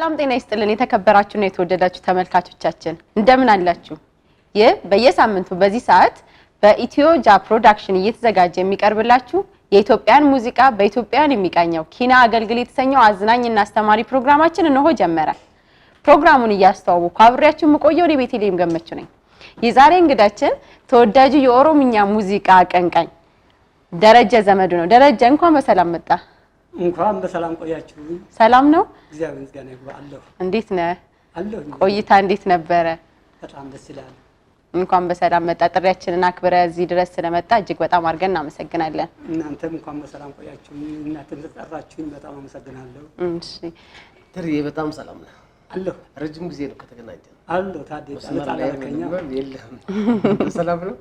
ሰላም ጤና ይስጥልን የተከበራችሁና የተወደዳችሁ ተመልካቾቻችን እንደምን አላችሁ? ይህ በየሳምንቱ በዚህ ሰዓት በኢትዮ ጃ ፕሮዳክሽን እየተዘጋጀ የሚቀርብላችሁ የኢትዮጵያን ሙዚቃ በኢትዮጵያን የሚቃኘው ኪና አገልግል የተሰኘው አዝናኝና አስተማሪ ፕሮግራማችን እነሆ ጀመረ። ፕሮግራሙን እያስተዋወቅኩ አብሬያችሁ የምቆየው እኔ ቤተልሔም ገመቹ ነኝ። የዛሬ እንግዳችን ተወዳጁ የኦሮምኛ ሙዚቃ አቀንቃኝ ደረጀ ዘመዱ ነው። ደረጀ እንኳን በሰላም መጣ። እንኳን በሰላም ቆያችሁ። ሰላም ነው፣ እግዚአብሔር ይመስገን አለሁ። እንዴት ነህ? አለሁ። ቆይታ እንዴት ነበረ? በጣም ደስ ይላል። እንኳን በሰላም መጣ። ጥሪያችንን አክብረ እዚህ ድረስ ስለመጣ እጅግ በጣም አድርገን እናመሰግናለን። እናንተም እንኳን በሰላም ቆያችሁ። እናንተ ተጠራችሁኝ፣ በጣም አመሰግናለሁ። እሺ፣ ትርዬ በጣም ሰላም ነህ? አለሁ። ረጅም ጊዜ ነው ከተገናኘን። አለሁ። ታዲያ የለህም? ሰላም ነው።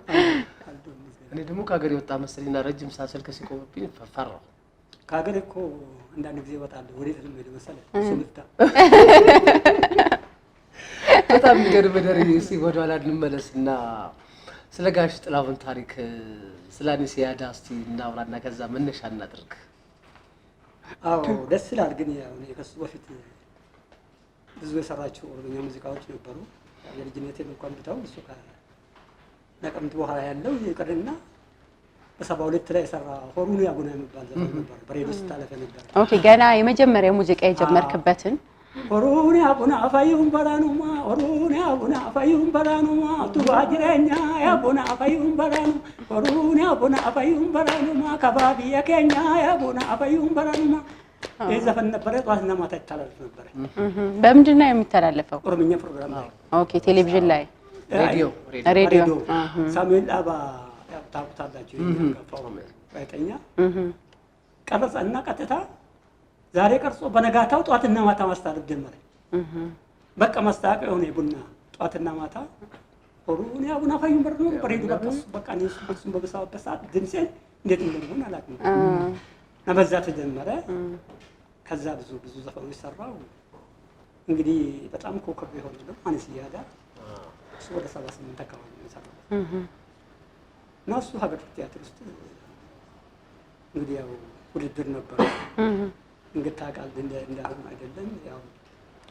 እኔ ደግሞ ከሀገር የወጣ መሰለኝና ረጅም ሰዓት ስልክ ሲቆምብኝ ፈራሁ። ከሀገር እኮ አንዳንድ ጊዜ እወጣለሁ። ወደ ነው የምሄደው መሰለህ? በጣም የሚገርም ደረጀ። እስኪ ወደኋላ እንመለስና ስለ ጋሽ ጥላሁን ታሪክ ስለ አኒሲያዳ እስኪ እናውራና ከዛ መነሻ እናድርግ። አዎ ደስ ይላል። ግን ከሱ በፊት ብዙ የሰራቸው ኦሮምኛ ሙዚቃዎች ነበሩ። የልጅነቴን እንኳን ብታው እሱ ነቀምት በኋላ ያለው ይቅርና በሰባ ሁለት ላይ የሰራ ሆሩኑ ያጉና የሚባል ዘፈን ነበር። በሬዲዮ ስታለፈ ነበር። ኦኬ ገና የመጀመሪያ ሙዚቃ የጀመርክበትን ሆሩን ያቡና አፋይሁን በራኑማ ሆሩን ያቡና አፋይሁን በራኑማ ቱባ ጅረኛ ያቡና አፋይሁን በራኑ ሆሩን ያቡና አፋይሁን በራኑማ ከባቢ የኬኛ ያቡና አፋይሁን በራኑማ ይህ ዘፈን ነበረ። ጠዋትና ማታ ይተላለፍ ነበረ። በምንድን ነው የሚተላለፈው? ኦሮምኛ ፕሮግራም ላይ ኦኬ፣ ቴሌቪዥን ላይ ሬዲዮ ሬዲዮ ሳሙኤል አባ ታውቁታላችሁ። ጋዜጠኛ ቀረጸ እና ቀጥታ ዛሬ ቀርጾ በነጋታው ጧትና ማታ ማስታረቅ ጀመረ። በቃ ማስታወቂያ የሆነ ቡና ጧትና ማታ ሆሩን ያ ቡና ፋዩ ምር ነው በሬዱ ለቀሱ በቃ ነው እሱ ሰዓት ድምጼን እንዴት እንደሆነ አላውቅም። በዛ ተጀመረ። ከዛ ብዙ ብዙ ዘፈኖች ሰራው። እንግዲህ በጣም ኮከብ የሆነ ነው አንስ ይያዳ እሱ ወደ 78 አካባቢ ነው የሰራው። እና እሱ ሀገር ቲያትር ውስጥ እንግዲህ ያው ውድድር ነበር። እንግዲህ ታውቃለህ እንዳለም አይደለም ያው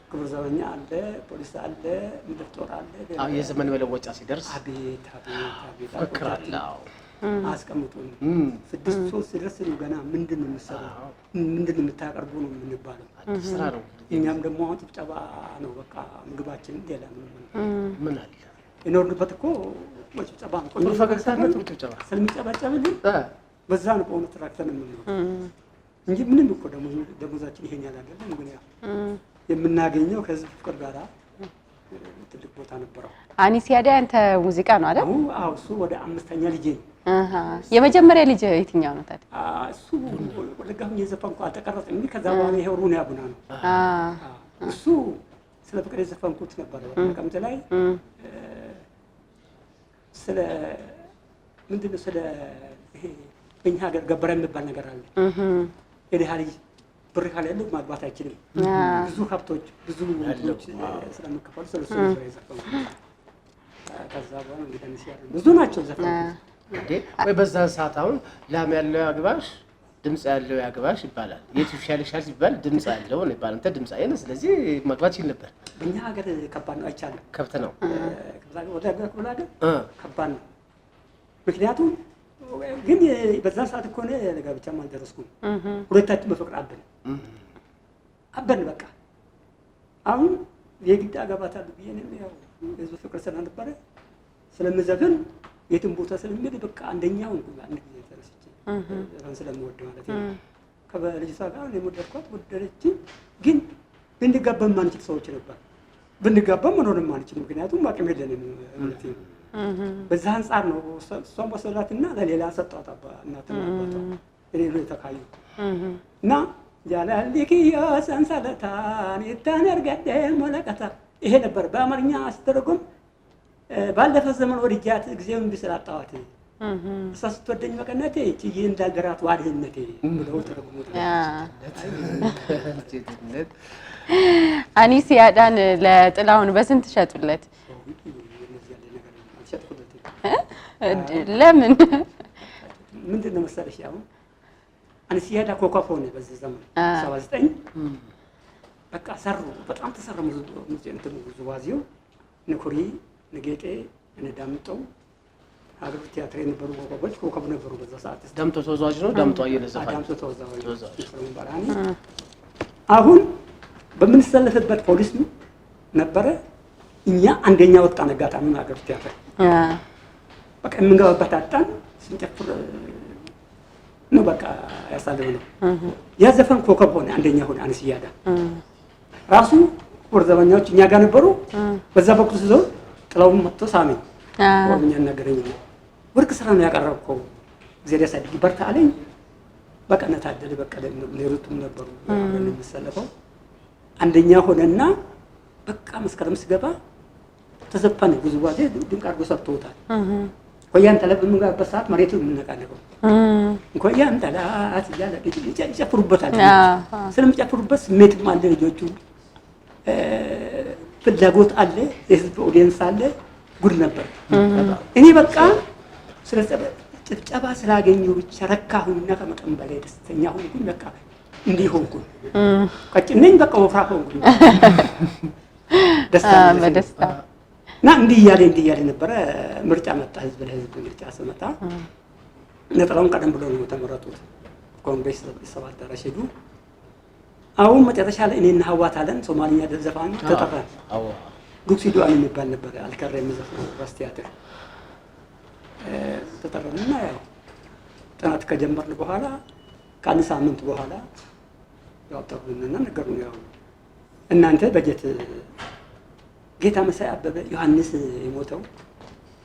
ክቡር ዘበኛ አለ፣ ፖሊስ አለ፣ ምድር ጦር አለ። አዎ የዘመን መለወጫ ሲደርስ አቤት አቤት አቤት አስቀምጡን። ስድስት ሶስት ሲደርስ ገና ምንድን ነው የምትሰራው? ምንድን ነው የምታቀርቡ ነው የምንባለው። ስራ ነው። እኛም ደግሞ አሁን ጭብጨባ ነው በቃ ምግባችን ሌላ ምን አለ የኖርንበት እኮ ጭብጨባ በዛ ነው ከሆነ ተራክተን የምንኖር እንጂ ምንም እኮ ደሞዛችን ይሄን ያህል አይደለም። ግን ያው የምናገኘው ከህዝብ ፍቅር ጋር ትልቅ ቦታ ነበረው። አኒሲያ ያንተ ሙዚቃ ነው አይደል? አዎ፣ እሱ ወደ አምስተኛ ልጄ ነው። የመጀመሪያ ልጅ የትኛው ነው ታዲያ? እሱ ወለጋም የዘፈንኩ አልተቀረጸም እንጂ ከዛ በኋላ ይሄው ሩንያ ቡና ነው እሱ ስለ ፍቅር የዘፈንኩት ነበረ ቀምት ላይ ስለ ምንድን ነው ስለ ይሄ ሀገር ገበራ የሚባል ነገር አለ። የድሃ ልጅ ብር ካለ ማግባት አይችልም። ብዙ ሀብቶች ብዙ ሀብቶች ስለሚከፈሉ ስለሱ ከዛ በኋላ እንግዲህ ብዙ ናቸው ዘፈኑ። በዛ ሰዓት አሁን ላም ያለው አግባሽ ድምፅ ያለው ያግባሽ ይባላል። የት ይሻልሻል ሲባል ድምፅ ያለው ነው ይባላል። አንተ ድምፅ አይነ ስለዚህ ማግባት ይችል ነበር። በእኛ ሀገር ከባድ ነው፣ አይቻልም። ከብት ነው ወደ ከባድ ነው። ምክንያቱም ግን በዛ ሰዓት እኮ እኔ ለጋብቻም አልደረስኩም። ሁለታችን በፍቅር አበን አበን በቃ አሁን የግድ አገባታለሁ ብዬ ያው ህዝብ ፍቅር ስለነበረ ስለምዘፍን የትም ቦታ ስለሚሄድ በቃ አንደኛው ሆንኩ አንድ ጊዜ ዘፈን ስለምወድ ማለት ነው። ከበልጅቷ ጋር የወደድኳት ወደደችኝ። ግን ብንጋባ የማንችል ሰዎች ነበር። ብንጋባ መኖር ማንችል፣ ምክንያቱም አቅም የለንም። እምነት በዛ አንጻር ነው። እሷን በሰላትና ለሌላ ሰጧት። አባ እናት አባቷ እኔ ነው የተካዩ እና ጃላሊክዮ ሰንሰለታን ይታነርገደ መለቀታ ይሄ ነበር በአማርኛ አስተረጎም ባለፈ ዘመን ወድጃት ጊዜውን ቢስላጣዋት እሷ ስትወደኝ መቀነቴ ጭዬ እንዳገራት ዋድህነቴ ብለው ተረጉሞ አኒስ ያዳን ለጥላሁን በስንት ሸጡለት? ለምን ምንድን ነው መሰለሽ፣ አሁን አንስያዳ ኮካፍ ሆነ በዚህ ዘመን 79 በቃ ሰሩ። በጣም ተሰራ። ሙዚቃ እንትኑ ውዝዋዜው እነ ኩሪ እነ ጌጤ አሪፍ ቲያትር የነበሩ ኮከቦች ኮከብ ነበሩ። በዛ ሰዓት ደምቶ ተወዛዋዥ ነው። ደምቶ አየለዘፋ ዳምጦ ተወዛዋዥ አሁን በምንሰለፍበት ፖሊስ ነበረ። እኛ አንደኛ ወጣን። አጋጣሚ አገር ቲያትር በቃ የምንገባበት አጣን። ስንጨፍር ነው በቃ ያሳልፍ ነው ያዘፈን ኮከብ ሆነ። አንደኛ ሆነ። አንስያዳ ራሱ ወር ዘበኛዎች እኛ ጋር ነበሩ። በዛ በኩል ስዞር ጥለውም መጥቶ ሳሚ ወርምኛ ነገረኝ ነው ወርቅ ስራ ነው ያቀረብከው እግዚአብሔር ያሳድግ በርታ አለኝ። በቃ ነታደለ በቀለ ሌሎቱም ነበሩ የምሰለፈው አንደኛ ሆነና በቃ መስከረም ሲገባ ተዘፈነ። ብዙ ድንቅ አድርጎ ሰርተውታል። ኮያን ተለብ የምንጋበት ሰዓት መሬቱ የምነቃነቀው ኮያን ጠላት እያለ ይጨፍሩበታል። ስለሚጨፍሩበት ስሜትም አለ፣ ልጆቹ ፍላጎት አለ፣ የህዝብ ኦዲየንስ አለ። ጉድ ነበር። እኔ በቃ ጭብጨባ ስላገኘሁ ብቻ ረካሁና ከመጠን በላይ ደስተኛ ሆንኩኝ። በቃ እንዲህ ሆንኩኝ፣ ቀጭን በቃ ወፍራ ሆንኩኝ። ደስታ እና እንዲህ እያለ እንዲህ እያለ ነበረ። ምርጫ መጣ፣ ህዝብ ለህዝብ ምርጫ ስመጣ ነጠላውን ቀደም ብሎ ነው የተመረጡት። ኮንግሬስ ስብሰባ አዳራሽ ሄዱ። አሁን መጨረሻ ላይ እኔና ህዋት አለን ሶማሊኛ ዘፋኝ ተጠራን። ጉብሲዶ የሚባል ነበረ አልከራ የሚዘፍነው ራስ ቲያትር ተጠራንና ያው ጥናት ከጀመርን በኋላ ከአንድ ሳምንት በኋላ ያው ጠሩንና ነገሩ ያው እናንተ በጀት ጌታ መሳይ አበበ ዮሐንስ የሞተው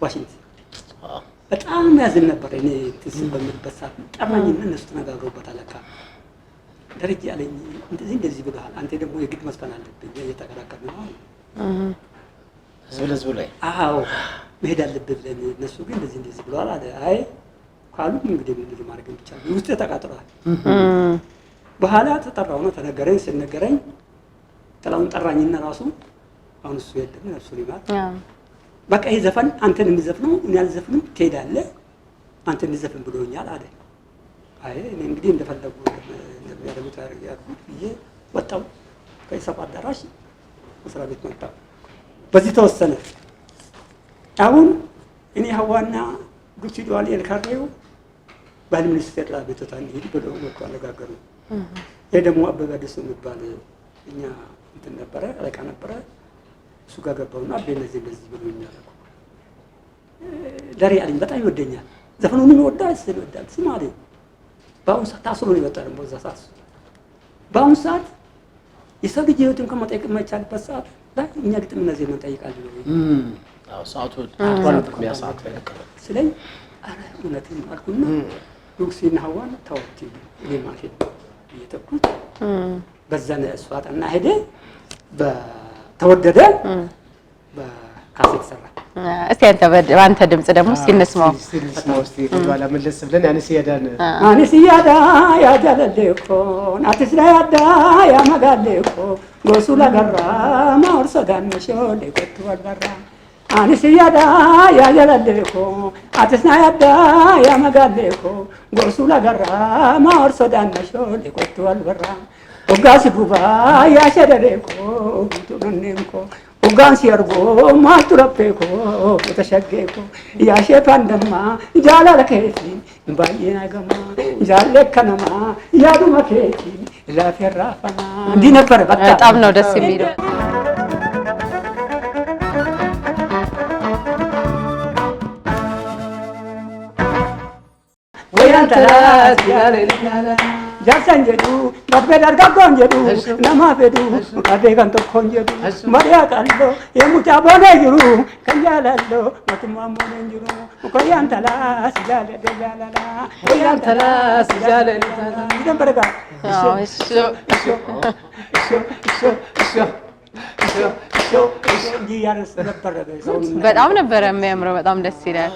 ዋሽንግተን በጣም ያዝን ነበር። እኔ ትስ በምልበት ሰዓት ጠራኝና እነሱ ተነጋግረውበት አለቃ ደረጃ ያለኝ እንደዚህ እንደዚህ ብለሃል፣ አንተ ደግሞ የግድ መስፈን አለብኝ እየተከራከርን ነው ህዝብ ለህዝቡ ላይ አዎ መሄድ አለብህ ብለን እነሱ ግን እንደዚህ እንደዚህ ብለዋል አለ። አይ ካሉ እንግዲህ ምንድን ማድረግ ብቻ ውስጥ ተቃጥሏል። በኋላ ተጠራው ነው ተነገረኝ። ስነገረኝ ጥላውን ጠራኝና ራሱ አሁን እሱ የለም ነፍሱ ሊማር በቃ ይህ ዘፈን አንተን የሚዘፍነው እኔ አልዘፍንም ትሄዳለህ፣ አንተ እንዲዘፍን ብሎኛል አለ። አይ እኔ እንግዲህ እንደፈለጉ እንደሚያደርጉት ያልኩት ብዬ ወጣው ከኢሰፓ አዳራሽ መስሪያ ቤት መጣሁ። በዚህ ተወሰነ። አሁን እኔ ሀዋና ጉቺዶዋል የልካሬው ባህል ሚኒስቴር ላይ ቤቶታ እንሂድ ብሎ ወጥቶ አነጋገሩ። ይህ ደግሞ አበበ ደሱ የሚባል እኛ እንትን ነበረ አለቃ ነበረ። እሱ ጋር ገባሁና አቤ እነዚህ እንደዚህ ብሎ የሚያደረጉ ደሬ አለኝ። በጣም ይወደኛል። ዘፈኑንም ይወዳል፣ ስል ይወዳል። ስማ አለኝ። በአሁኑ ሰዓት ታስሮ ነው ይወጣ ደግሞ ሰዓት በአሁኑ ሰዓት የሰው ልጅ ህይወትን ከመጠየቅ የማይቻልበት ሰዓት ላይ እኛ ግጥምና ዜማ እንጠይቃለን። ሰዓቱን አልጠቅም ስለኝ፣ ኧረ እውነቴን አልኩና ዮክሴና ሀዋን ታወት ሌማ ሄድ እየተኩት በዛን እሷ ጠና ሄደ በተወደደ በካሴት ሰራ። እስቲ አንተ በአንተ ድምጽ ደግሞ እስቲ እንስማው። መለስ ብለን አንስ ያዳን አንስ ያዳ ያጃለለኮ አትስ ላይ ያዳ ያመጋለኮ ጎሱ ለገራ ማርሰዳንሾ ለቆት ወልበራ አንስ ያዳ አንስያዳ ያጀለልኮ ያዳ ያመጋልኮ ጎርሱ ለገራ ማወርሶ ዳነሾ ሊቆቱ አልበራ ወጋስ ዱባ ያሸደሬኮ ቱንኔምኮ ወጋን ሲያርጎ ማቱረፔኮ ተሸጌኮ ያሸፋንደማ ጃላለኬቲ ባየናገማ ጃለከነማ ያዱመኬቲ ላፌራፈና እንዲህ ነበር። በጣም ነው ደስ የሚለው። ಜಾರ್ಸಂಜೆಡು ಮದ್ವೆ ದರ್ಗಕ್ಕ ಒಂಜೆಡು ನಮಾಬೆಡು ಅದೇಗಂತ ಕೊಂಜೆಡು ಮರೆಯ ಕಲ್ಲು ಎಮ್ಮು ಚಾಬೋನೇಗಿರು ಕಂಜಾಲಲ್ಲು ಮತ್ತು ಮಾಮೂನೆಂಜಿರು ಕೊಯ್ಯಾಂತಲ ಸಿಜಾಲೆ ದೆಲ್ಲಾಲ ಕೊಯ್ಯಾಂತಲ ಸಿಜಾಲೆ ಇದನ್ ಬರಗ በጣም ነበረ የሚያምረው። በጣም ደስ ይላል።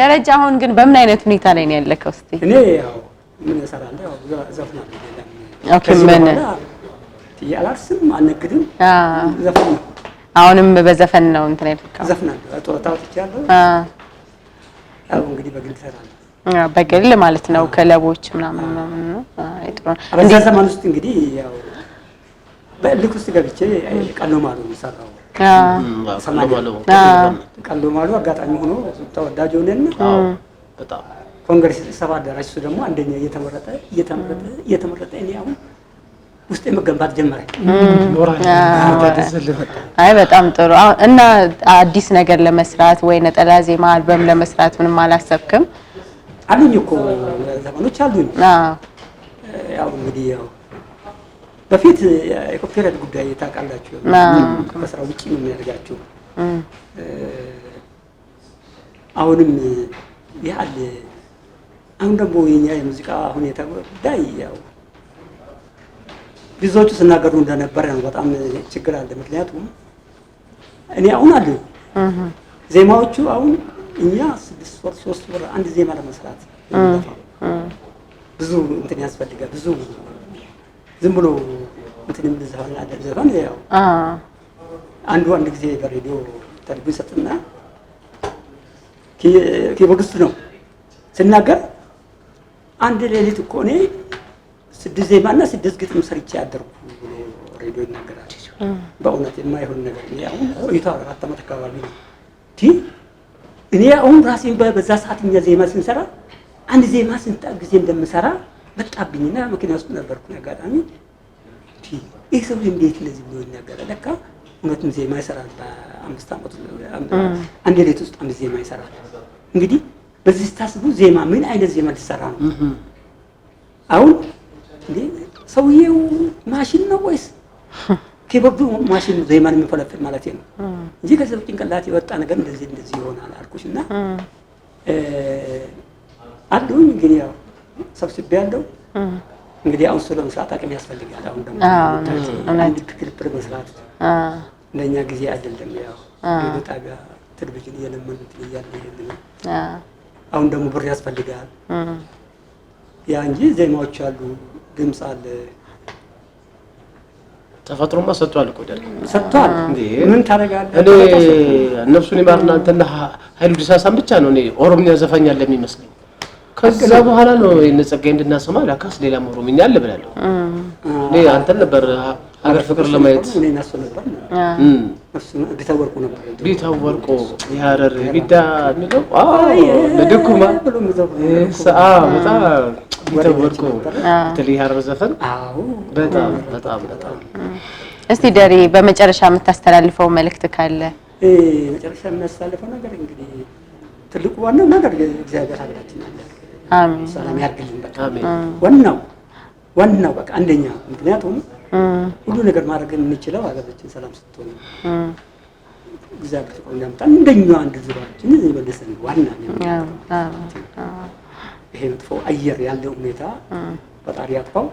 ደረጃ አሁን ግን በምን አይነት ሁኔታ ላይ ነው ያለከው? እስቲ እኔ ያው ምን እሰራለሁ ያው ዘፈን አለ ኦኬ ምን አላርስም አልነግድም። አዎ ዘፈን ነው። አሁንም በዘፈን ነው እንትን ያልከው ዘፈን አለ ጡረታ ወጥቻለሁ። አዎ ያው እንግዲህ በግል እሰራለሁ። አዎ በግል ማለት ነው ክለቦች ምናምን ምናምን ነው። አይ ጥሩ በዛ ዘመን ውስጥ እንግዲህ ያው በልክ ውስጥ ገብቼ ቀኖ ማሉ ነው ሰራው ቀልዶ አጋጣሚ ሆኖ ተወዳጅ ሆነና ኮንግሬስ ስብሰባ አዳራሽ እሱ ደግሞ አንደኛ እየተመረጠ እየተመረጠ እየተመረጠ እኔ አሁን ውስጤ መገንባት ጀመረ። አይ በጣም ጥሩ። እና አዲስ ነገር ለመስራት ወይ ነጠላ ዜማ አልበም ለመስራት ምንም አላሰብክም? አሉኝ እኮ አሉኝ። ያው እንግዲህ ያው በፊት የኮፒራይት ጉዳይ ታውቃላችሁ፣ ከመስራ ውጭ ነው የሚያደርጋችሁ። አሁንም ያህል አሁን ደግሞ የኛ የሙዚቃ ሁኔታ ጉዳይ ያው ብዙዎቹ ስናገሩ እንደነበረ ነው። በጣም ችግር አለ። ምክንያቱም እኔ አሁን አለ ዜማዎቹ አሁን እኛ ስድስት ወር ሶስት ወር አንድ ዜማ ለመስራት ብዙ እንትን ያስፈልጋል ብዙ ዝም ብሎ ምትንም ዘፈን አለ ዘፈን ያው አንዱ አንድ ጊዜ በሬዲዮ ተርጉ ይሰጥና ኪቦርዲስቱ ነው ስናገር አንድ ሌሊት እኮ እኔ ስድስት ዜማና ስድስት ግጥም ሰርቼ ያደርኩ ብሎ ሬዲዮ ይናገራል። በእውነት የማይሆን ነገር አሁን ቆይቶ አራት ዓመት አካባቢ ነው። ቲ እኔ አሁን ራሴን በዛ ሰዓት እኛ ዜማ ስንሰራ አንድ ዜማ ስንጣ ጊዜ እንደምሰራ መጣብኝና መኪና ውስጥ ነበርኩ። አጋጣሚ ይህ ሰው እንዴት እንደዚህ ብሎ ይናገረ ለካ እውነትም ዜማ ይሰራል። በአምስት ዓመቱ አንድ ሌት ውስጥ አምስት ዜማ ይሰራል። እንግዲህ በዚህ ስታስቡ ዜማ ምን አይነት ዜማ ሊሰራ ነው? አሁን ሰውዬው ማሽን ነው ወይስ ኬበቡ ማሽን ዜማን የሚፈለፍል ማለት ነው እንጂ ከሰው ጭንቅላት የወጣ ነገር እንደዚህ እንደዚህ ይሆናል አልኩሽ እና አለሁኝ እንግዲህ ያው ሰብስቤ ያለው እንግዲህ አሁን እሱ ለመስራት አቅም ያስፈልጋል። አሁን ደግሞ አንድ ክልፕር መስራት ለእኛ ጊዜ አይደለም። ያው ጣ ቴሌቪዥን እየለመኑት እያለ ነው። አሁን ደግሞ ብር ያስፈልጋል። ያ እንጂ ዜማዎች አሉ፣ ድምፅ አለ። ተፈጥሮማ ሰጥቷል እኮ ደግ ሰጥቷል። ምን ታደርጋለህ? እኔ ነፍሱን ይማርና እንትና ኃይሉ ዲሳሳን ብቻ ነው እኔ ኦሮምኛ ዘፋኝ ያለ የሚመስለኝ ከዛ በኋላ ነው እነ ጸጋዬ እንድናሰማ ላካስ ሌላ ኦሮምኛ አለ ብላለሁ። እኔ አንተን ነበር ሀገር ፍቅር ለማየት ቤታ ወርቁ ነበር። ቤታ ወርቁ የሀረር ቢዳ የሚለው ለድኩማ በጣም ቤታ ወርቁ የሀረር ዘፈን በጣም በጣም በጣም። እስቲ ደሪ በመጨረሻ የምታስተላልፈው መልእክት ካለ? መጨረሻ የሚያስተላልፈው ነገር እንግዲህ ትልቁ ዋናው ነገር እግዚአብሔር ሀገራችን አለ ሰላም ያድርግልን። በቃ ዋናው ዋናው በቃ አንደኛ ምክንያቱም ሁሉ ነገር ማድረግ የምንችለው ሀገራችን ሰላም ስትሆን እግዚአብሔር ፍቅር እንዳመጣ እንደኛ አንድ ዙሪያችን የመለሰን ዋና ይሄ መጥፎ አየር ያለው ሁኔታ ፈጣሪ ያጥፋው።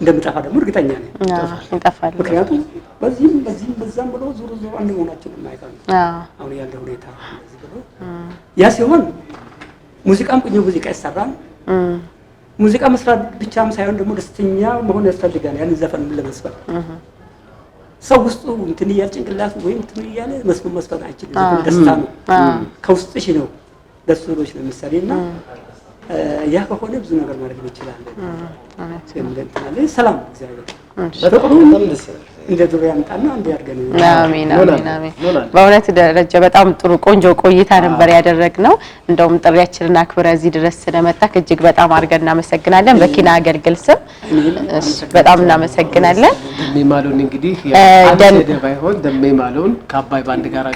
እንደምጠፋ ደግሞ እርግጠኛ ነኝ። ምክንያቱም በዚህም በዚህም በዛም ብሎ ዞሮ ዞሮ አንድ መሆናችን የማይቀር አሁን ያለ ሁኔታ ያ ሲሆን ሙዚቃም ቅኝ ሙዚቃ ይሰራል። ሙዚቃ መስራት ብቻም ሳይሆን ደግሞ ደስተኛ መሆን ያስፈልጋል። ያንን ዘፈን ለመስፈን ሰው ውስጡ እንትን እያለ ጭንቅላቱ ወይም እንትን እያለ መስፈን መስፈን አይችልም። ደስታ ነው ከውስጥሽ ነው ደስ ብሎሽ ነው የምትሰሪ እና ያ ከሆነ ብዙ ነገር ማድረግ እንችላለን። ሰላም እግዚአብሔር በጣም ደስ ይላል። እንደ ድሮ ያምጣና እንደ ያድርገን። አሜን አሜን አሜን። በእውነት ደረጀ በጣም ጥሩ ቆንጆ ቆይታ ነበር ያደረግነው። እንደውም ጥሪያችንን አክብረ እዚህ ድረስ ስለመጣህ እጅግ በጣም አድርገን እናመሰግናለን። በኪና አገልግል ስም በጣም እናመሰግናለን። ደሜ ማለውን እንግዲህ ደሜ ማለውን ከአባይ ባንድ ጋር